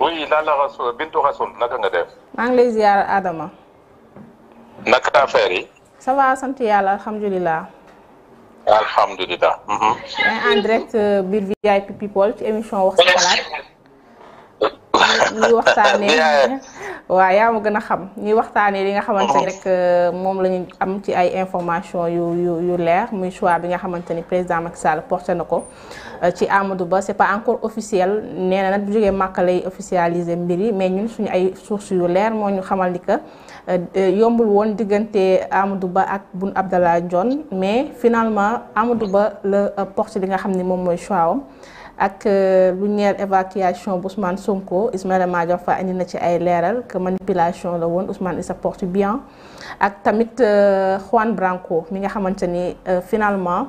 oui Lalla Rasoul Bintu Rasoul naka nga def. maa ngi naka affaire yi. ça va sant yàlla alhamdulilah. alhamdulilah. Mhm. yaa en direct euh, biir VIP people ci émission wax sa xalaat. ñuy waxtaanee waaw yaa ma gën a xam ñuy waxtaanee li nga xamante ne mhm. rek euh, moom la ñu am ci ay information yu yu yu leer muy choix bi nga xamante ni président Macky Sall porté na ko Euh, ci Amadou Ba c'est pas encore officiel nee na bu jógee Màkka officialiser Mbiri, mais ñun suñu ay sources yu lèr mo ñu xamal ni que euh, yombul won diggante Amadou Ba ak Boun Abdallah John, mais finalement Amadou Ba le euh, porte li nga xam mom moy choix ak lu ñeel évacuation bu Ousmane Sonko Ismaël Madior Fall indi na ci ay leeral que manipulation la won Ousmane il se porte bien ak tamit Juan Branco mi nga xamante ni finalement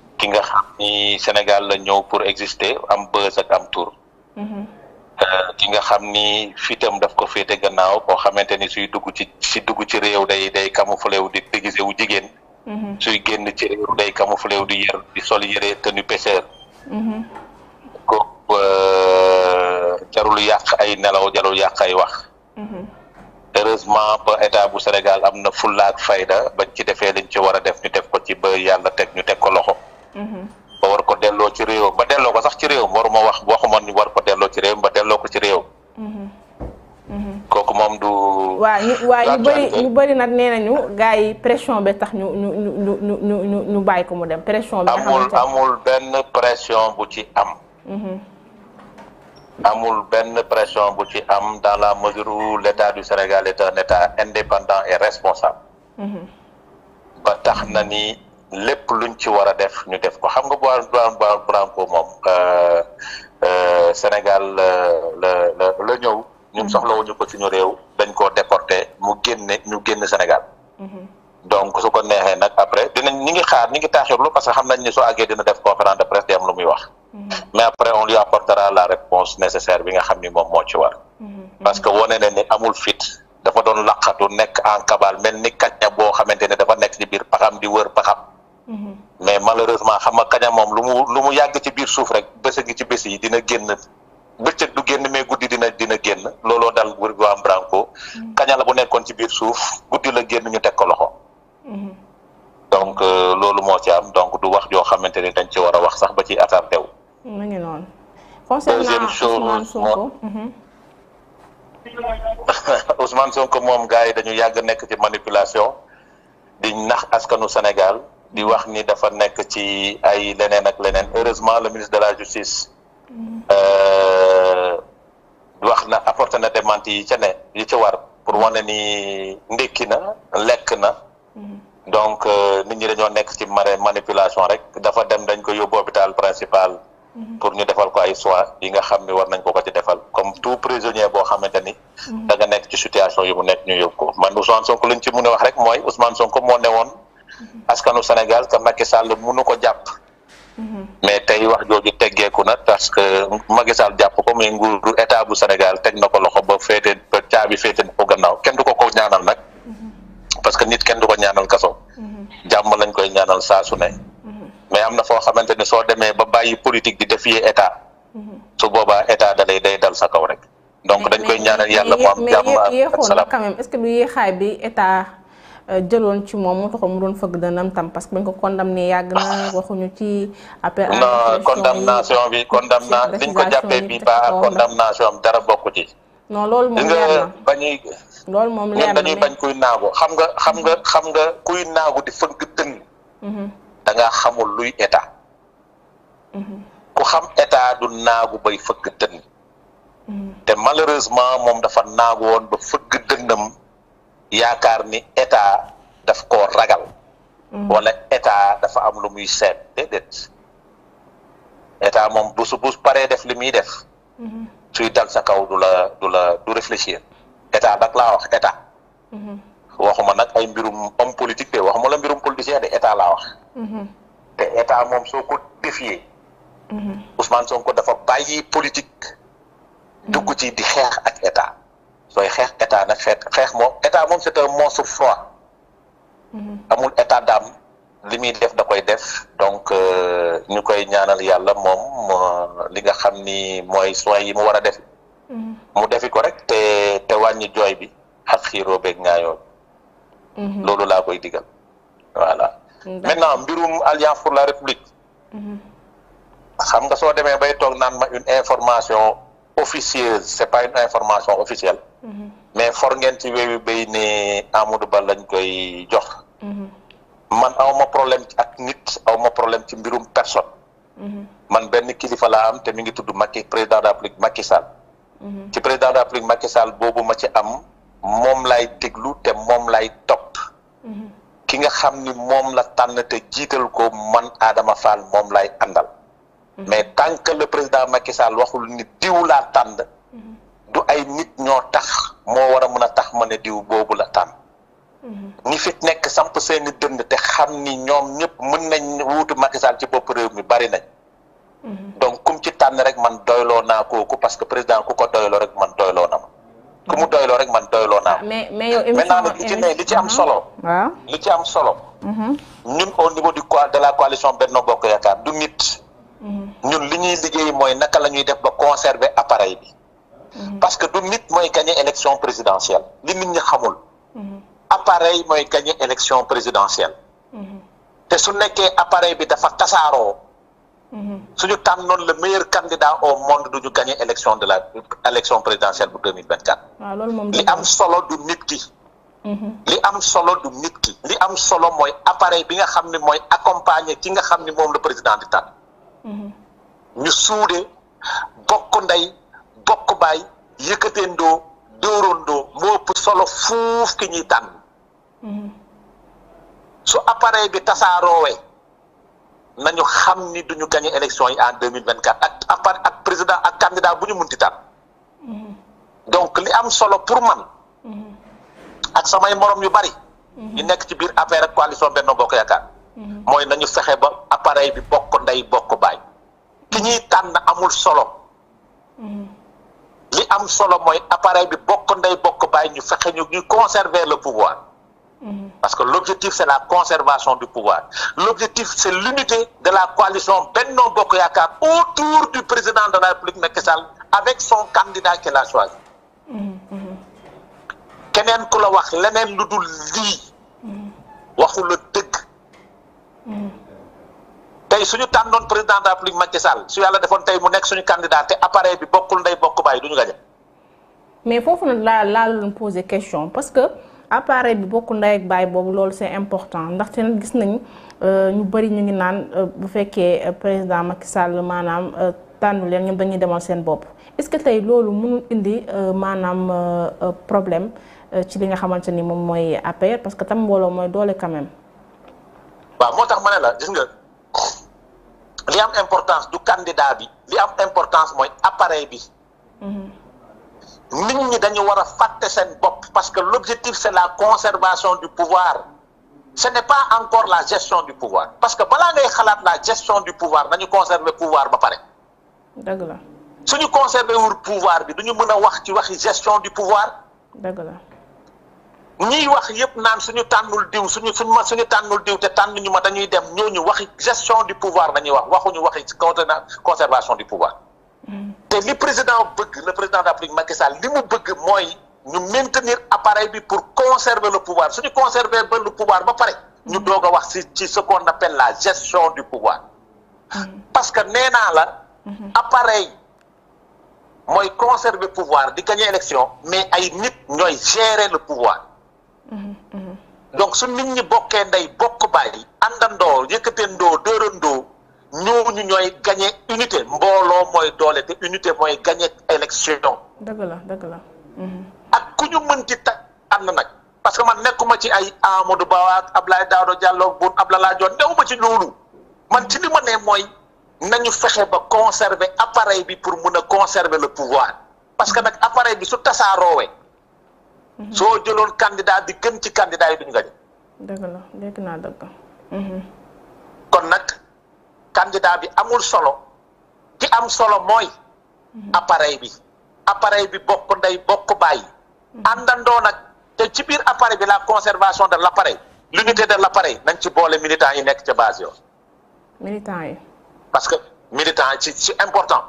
ki nga xam ni Sénégal la ñëw pour exister am bës ak am tour ki nga xam fitam daf ko féete gannaaw koo xamante ni suy dugg ci si dugg ci réew day day camouflé wu di déguisé wu jigéen suy génn ci réew day camouflé wu di yër di sol yëre tenue pêcheur ko jarul yàq ay nelaw jarul yàq ay wax heureusement mhm. ba état bu Sénégal am na fulla ak fayda bañ ci defee liñ ci def ñu def ko ci ba yàlla teg ñu teg ko loxo Mm-hmm. ba war ko delloo ci réew ba delloo ko sax ci réew waruma wax waxuma ni war ko delloo ci réew ba delloo ko ci réew mm-hmm. Mm-hmm. kooku moom du waa ñu waa ñu bëri ñu bëri nag nee nañu gars yi pression bi tax ñu ñu ñu ñu ñu ñu bàyyi ko mu dem pression bi amul amul benn pression bu ci am amul benn pression bu ci am dans la mesure où l'état du Sénégal est un état indépendant et responsable ba tax na ni lépp luñ ci war a def ñu def ko xam nga Juan Branco moom Sénégal la le la ñëw ñun soxlawuñu ko suñu réew dañ koo déporté mu génne ñu génn Sénégal donc su ko neexee nag après dinañ ñi ngi xaar ñi ngi taaxirlu parce que xam nañ ni so àggee dina def conférence de presse di am lu muy wax mais après on lui apportera la réponse nécessaire bi nga xam ni moom moo ci war parce que wone na ni amul fit dafa doon laqatu nek en cabal mel ni bo boo ne dafa nekk ci biir paxam di wër paxam Mhm. mais malheureusement xam nga kaña moom lu mu lu mu yàgg ci biir suuf rek bés ngi ci bés yi dina génn bëccëg du génn mais guddi dina dina génn looloo dal wër gu am branco mhm. kaña la bu nekkoon ci biir suuf guddi la génn ñu teg ko loxo mhm. donc euh, loolu moo ci am donc du wax joo xamante ni dañ ci war a wax sax ba ci attardé wu mu ngi Ousmane Sonko moom gars yi dañu yàgg nekk ci manipulation di nax askanu Sénégal di wax ni dafa nekk ci ay leneen ak leneen heureusement le ministre de la justice hmm. eh, wax na apporté na démenti yi ca ne yi ca war pour wane ni ndékki na lekk na hmm. donc nit ñi dañoo nekk ci mare manipulation rek dafa dem dañ ko yóbbu hôpital principal pour ñu defal ko ay soins yi nga xam ni war nañ ko ko ci defal comme tout prisonnier boo xamante ni hmm. da nga nekk ci situation yu mu nekk ñu yóbbu ko man Ousmane Sonko luñ ci mun wax rek mooy Ousmane Sonko moo newoon askanu Sénégal que Macky Sall mënu ko jàpp. mais tey wax jooju teggeeku na parce que Macky Sall jàpp ko muy nguuru état bu Sénégal teg na ko loxo ba féete ba caabi féete ko gannaaw kenn du ko ko ñaanal nag. parce que nit kenn du ko ñaanal kaso. jàmm lañ koy ñaanal saa su ne. mais am na foo xamante ne soo demee ba bàyyi politique di défier état. su boobaa état da lay day dal sa kaw rek. donc dañ koy ñaanal yàlla mu am jàmm ak salaam mais yéexoon que lu yéexaay bi état. jëloon ci moom mu a mu doon fëgg dënam tam parce que bañ ko condamné yàgg na waxuñu ci. appel à condamnation bi condamnation bi ko jàppee bi ba condamnation am dara bokk ci. non loolu moom leer na bañuy. loolu moom na dañuy bañ kuy naagu xam nga xam nga xam nga kuy naagu di fëgg dënn. Mm-hmm. da ngaa xamul luy état. Mm-hmm. ku xam état du naagu bay fëgg dënn. Mm-hmm. te malheureusement moom dafa naagu woon ba fëgg dënnam. yaakaar ni état daf ragal hmm. wala état dafa am lu muy seet eh, déedéet état moom bu su bu paree def li muy def mhm. suy dal sa kaw du la du la du réfléchir état nag laa mhm. wax état waxuma nag ay mbirum homme politique de waxuma la mbirum politicien de état laa mhm. wax te état moom soo ko défier Ousmane Sonko dafa bàyyi politique dugg ci di xeex ak état sooy xeex état nag xeet xeex moom état moom c'est un monstre froid mhm. amul état d'âme li muy def da koy def donc euh, ñu koy ñaanal yàlla moom li nga xam ni mooy soins yi mu war a def mhm. mu defi ko rek te te wàññi jooy bi ak xiiroo beeg ñaayoo bi mhm. loolu laa koy digal voilà maintenant mbirum alliance pour la république xam nga soo demee bay toog naan ma une information officieuse c'est pas une information officielle mais for ngeen ci wéewi bay ne Amadou Ba lañ koy jox man awma problème ak nit awma problème ci mbirum personne man benn kilifa laa am te mi ngi tudd Macky président de Macky Sall ci président de Macky Sall boobu ma ci am moom lay déglu te moom lay top mhm. ki nga xam ni moom la tànn te jiital ko man Adama Fall moom lay àndal mhm. mais tant que le président Macky Sall waxul ni diw laa tànn du ay nit ñoo tax moo war mun a tax ma ne diw boobu la tànn mhm. ñi fi nekk samp seeni dënn te xam ni ñoom ñëpp mën nañ wuutu Macky Sall ci bopp réew mi bari nañ mhm. donc kum ci tànn rek man doyloo naa kooku parce que président ku ko doyloo rek man doyloo na ma ku mu mhm. doyloo rek man doyloo naa ma mais mais yow maintenant nag li ci ne li ci am solo waaw li ci am solo ñun au niveau du de la coalition Benno Bokk Yaakaar du nit ñun li ñuy liggéey mooy naka la ñuy def ba conserver appareil Mhm. parce que du nit moy gagné élection présidentielle li nit ñi xamul. Mhm. appareil moy gagné élection présidentielle. Mhm. te su nekké appareil bi dafa tasaaroo. suñu tànnoon le meilleur candidat au monde du gagner gagné élection de la élection présidentielle pour deux mille vingt quatre. waaw li am solo du nit ki. li am solo du nit ki. li am solo moy appareil bi nga xam moy accompagner ki nga xam mom le président di tan ñu soudé bokku nday bokk bay yëkëtendoo dóorandoo moo ëpp solo fuuf ki ñuy tànn mhm. su appareil bi tasaaroowee nañu xam ni duñu gagné élection yi en 2024 ak appar ak président ak candidat bu ñu mhm. donc li am solo pour man mhm. ak samay morom yu bari ñu nekk ci biir affaire ak coalition benno bokk yaakaar mooy nañu fexe ba appareil bi bokk ndey bokk baay ki ñuy tànn amul solo Les am solo mooy appareil bi bokk ndey bokk bàyyi ñu conserver le pouvoir mhm. parce que l'objectif c'est la conservation du pouvoir l'objectif c'est l'unité de la coalition Benno Bokk autour du président de la République Macky avec son candidat qu'il a choisi mhm, mhm. keneen ku la wax leneen lu dul waxu tey suñu tànnoon président de la République Macky Sall su yàlla defoon tey mu nekk suñu candidat te appareil bi bokkul ndey bokk bàyyi du ñu mais foofu nag laa laa doon question parce que appareil bi bokkul ndey ak bàyyi boobu loolu c'est important ndaxte nag gis nañ euh, ñu bëri ñu ngi naan euh, bu fekkee euh, président Macky Sall maanaam tànnu leen ñoom dañuy demal seen bopp est-ce que tey loolu mënul indi maanaam problème ci li nga xamante ni moom mooy APR parce que tam mbooloo mooy doole quand li am importance du candidat bi li am importance moy appareil bi nit ñi dañu wara parce que l'objectif c'est la conservation du pouvoir ce n'est pas encore la gestion du pouvoir parce que bala ngay xalat la gestion du pouvoir dañu conserver pouvoir ba paré dëgg la suñu conserver le pouvoir bi duñu mëna la wax ci waxi gestion du pouvoir ni wax yëpp naan suñu tànnul diw suñu suñu ma suñu tànnul diw te tànnuñu ma dañuy dem ñooñu waxi gestion du pouvoir dañuy wax waxuñu waxi conservation du pouvoir. Mm. te li président bëgg le président de la Macky Sall li mu bëgg mooy ñu maintenir appareil bi pour conserver le pouvoir suñu conserver ba le pouvoir ba pare. ñu mm. doog a wax si ci ce qu'on appelle la gestion du pouvoir. Mm. parce que nee naa la. Mm-hmm. appareil mooy conserver pouvoir di gagner élection mais ay nit ñooy gérer le pouvoir. Mm-hmm. donc su nit ñi bokkee ndey bokk bàyyi àndandoo yëkkateendoo dóorandoo ñooñu ñooy gagné unité mbooloo mooy doole te unité mooy gagné élection. dëgg la dëgg la. Mm-hmm. ak ku ñu mënti tànn ànd nag parce que man nekkuma ci ay Amadou Ba ak Abdoulaye Daouda Diallo bu Abdoulaye Dione newuma ci loolu man ci li ma ne mooy nañu fexe ba conserver appareil bi pour mun a conserver le pouvoir parce que nag appareil bi su tasaaroowee. Mhm. soo jëloon candidaa bi gën ci candidat yi duñu gañe dëgg la dégg naa dëgg mhm. kon nag candidat bi amul solo ki am solo mooy mhm. appareil bi appareil bi bokk ndey bokk bàyyi àndandoo nag te ci biir appareil bi la conservation de l' ñu l'unité de l' appareil nañ ci boole militants yi nekk ci base yoon militants yi parce que militants yi ci c'est important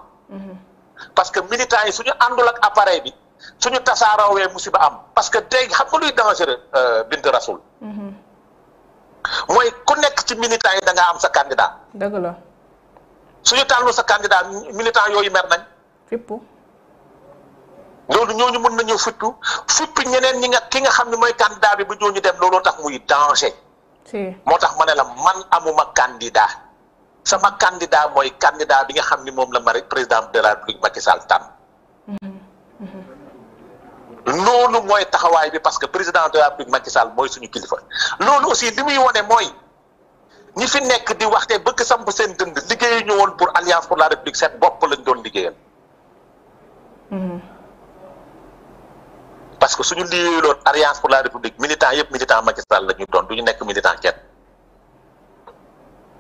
parce que militants yi suñu àndul ak appareil bi suñu tasaarawee musiba am parce que tey xam nga luy dangereux eh, bint rasul mooy mhm. ku nekk ci militant yi da nga am sa candidat dëgg la suñu tànnu sa candidat militant yooyu mer nañ fippu loolu ñooñu mën nañu futtu fupp ñeneen ñi nga ki nga xam ne mooy candidat bi bu ñooñu dem looloo tax muy danger ma la man amuma candidat sama candidat mooy candidat bi nga xam ni moom la mari président de la république Macky Sall loolu moy taxawaay bi parce que président de la République Macky Sall mooy suñu kilifa si aussi li muy wone mooy ñi fi nekk di waxte bëgg samp seen dënd liggéeyu ñu woon pour alliance pour la république seen bopp lañ doon liggéeyal hmm. parce que suñu liggéeyuloon alliance pour la république militant yëpp militant Macky Sall la doon du ñu militant kenn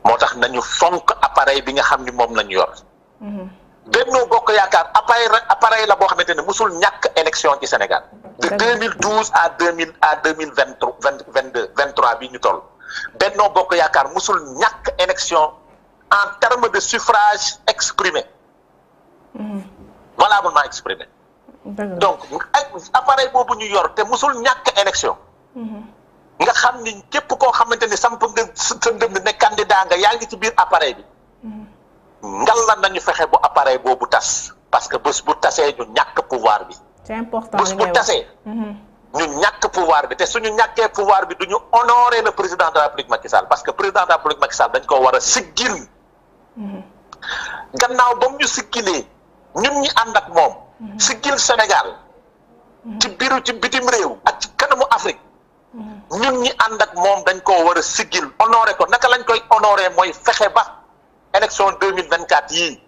moo nañu fonk appareil bi nga xam ni moom lañu yor hmm. Benno Bokk Yaakaar appareil appareil la boo xamante ne musul ñàkk élection ci Sénégal de 2012 à 2000 à 2023 22 23 bi ñu toll Benno Bokk Yaakaar musul ñàkk élection en termes de suffrage exprimé mm-hmm. Voilà m'a exprimé donc appareil boobu ñu yor te musul ñàkk élection mm-hmm. nga xam ni képp koo xamante ni samp nga sa ndënd ne candidat nga yaa ngi ci biir appareil bi ngalla nañu fexe bu appareil boobu tas parce que bus bu tasee ñu ñàkk pouvoir bi c'est important bés bu tasee mhm. ñu ñàkk pouvoir bi te suñu ñàkkee pouvoir bi duñu honorer le président de la république Macky Sall parce que président de la république Macky Sall dañ ko war a siggil mhm. gannaaw ba ñu siggilee ñun ñi ànd ak moom mhm. siggil Sénégal ci biiru ci bitim réew ak ci kanamu Afrique ñun ñi ànd ak moom dañ ko war a honorer ko naka lañ koy honorer mooy fexe ba élection 2024 yi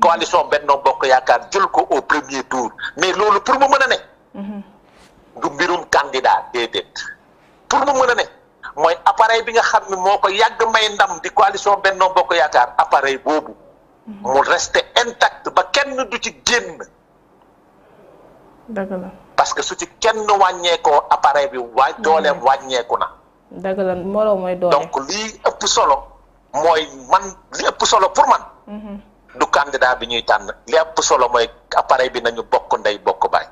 coalition Benno Bokk yakar jël ko au premier tour mais loolu pour mu mën a ne du mbirum candidat déedéet pour mu meuna a moy appareil bi nga xamni moko yag may ndam di coalition Benno Bokk yakar appareil bobu mu rester intact ba kenn du ci genn dëgg la parce que su ci kenn ko appareil bi waa dooleem mm-hmm. wàññeeku na dëgg la moroom mooy donc li ëpp solo Moy man li ëpp solo pour man. Mhm. du candidat bi ñuy tànn li ëpp solo mooy appareil bi nañu bokk ndey bokk baay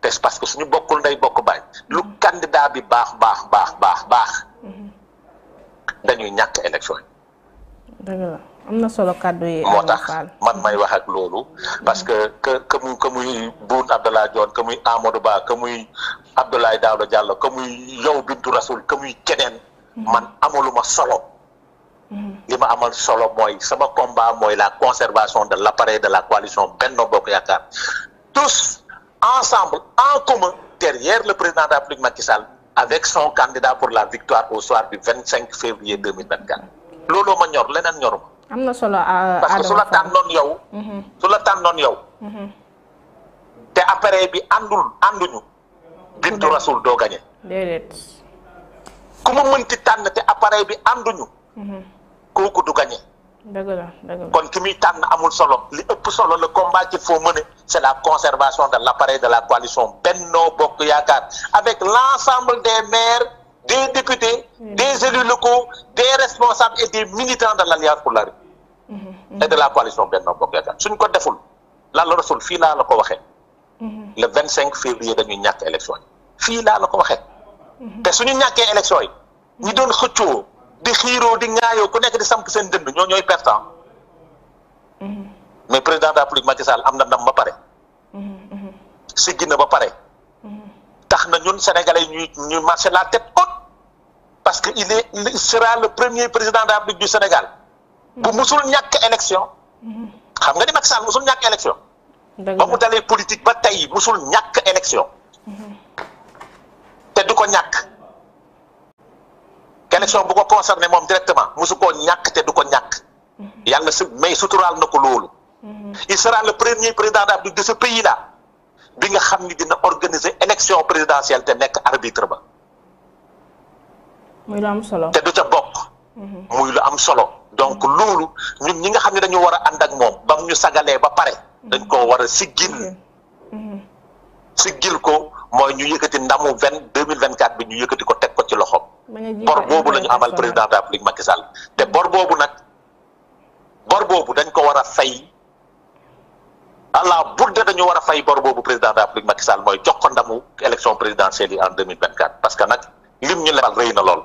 te parce que suñu bokkul ndey bokk baay lu mhm. candidat bi baax baax baax baax baax mhm. dañuy ñàkk élection yi. la am solo kàddu yi. moo man may wax ak loolu. parce que que que muy que muy Boun Abdallah Dionne que muy Amadou Ba que muy Abdoulaye Daouda Diallo que muy yow Bintou Rasoul que muy keneen. man amaluma solo. Mhm. lima amal solo mooy sama combat mooy la conservation de l'appareil de la coalition no Bokk Yaakaar tous ensemble en commun derrière le président de la République Macky Sall avec son candidat pour la victoire au soir du 25 février 2024 loolu ma ñor leneen ñoru ma am na solo ah, parce que su tan non yow mhm. su la tànnoon yow mhm. te appareil bi andul ànduñu bintu rasul doo gañe déedéet ku ma mënti tànn te appareil bi ànduñu kooku du gagner kon amul solo li solo le combat qu'il faut mener c'est la conservation de l'appareil de la coalition Benno Bokk avec l'ensemble des maires des députés des élus locaux des responsables et des militants de l'Alliance pour la rue mhm, mhm. et de la coalition Benno Bokk Yaakaar suñ ko deful la la rasul fi laa la ko mhm. le 25 février février dañuy ñak élection fi fii la ko waxee te suñu ñaké élection yi ñi doon xëccoo di xiiroo di ŋaayoo ku nekk di samp seen dënd ñoo ñooy pertant ah. mm-hmm. mais président de la République am na ndam ba pare mm-hmm. siggi na ba pare mm-hmm. tax na ñun sénégalais yi ñuy marché la tête haute parce que il est président de la Sénégal bu musul ñàkk élection xam nga ni Macky Sall ñàkk élection mu dalee politique ba tey musul ñàkk élection te ko ñàkk élection bu ko concerné moom directement musu koo ñàkk te du ko ñàkk mhm. yàlla su may suturaal na ko loolu mhm. il sera le premier président d'Afrique de ce pays là bi nga xam ni dina organiser élection présidentielle te nekk arbitre ba muy lu am solo te du ca bokk mhm. muy lu am solo donc loolu ñun ñi nga xam ne dañu war a ànd ak moom ba ñu sagalee ba pare dañ ko war a siggil siggil ko mooy ñu yëkkati ndamu vingt deux bi ñu yëkkati ko teg bor boobu la ñu amal président de la République Macky Sall te bor boobu nag bor boobu dañ ko war a fay allah budde dañu war a fay bor boobu président de la République Macky mooy jox ko ndamu élection présidentielle yi en deux mille vingt parce que nag lim ñu lebal rëy na lool.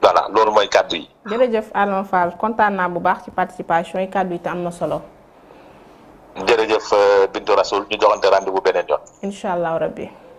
voilà loolu mooy kàddu yi. jërëjëf Alioune Fall kontaan naa bu baax ci participation yi kàddu yi te am na solo. jërëjëf euh, Bintou Rasoul ñu joxante rendez-vous beneen yoon. incha allah rabbi.